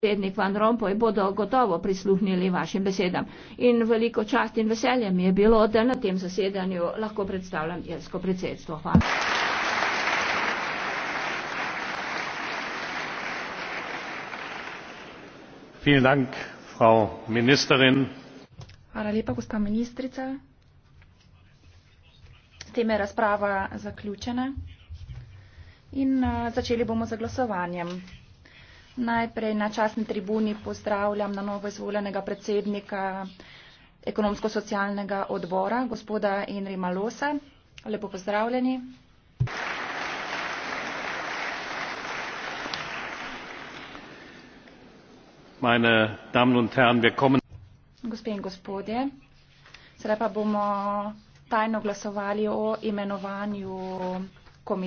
predsednik Van Rompuy bodo gotovo prisluhnili vašim besedam. In veliko čast in veselje mi je bilo, da na tem zasedanju lahko predstavljam jesko predsedstvo. Hvala. Vielen Dank, Frau Ministerin. Hvala lepa, gospa ministrica. S tem je razprava zaključena in eh, začeli bomo z glasovanjem. Najprej na časni tribuni pozdravljam na novo izvoljenega predsednika ekonomsko-socialnega odbora, gospoda Enri Malose. Lepo pozdravljeni. Gospe in gospodje, sedaj pa bomo tajno glasovali o imenovanju komisarja.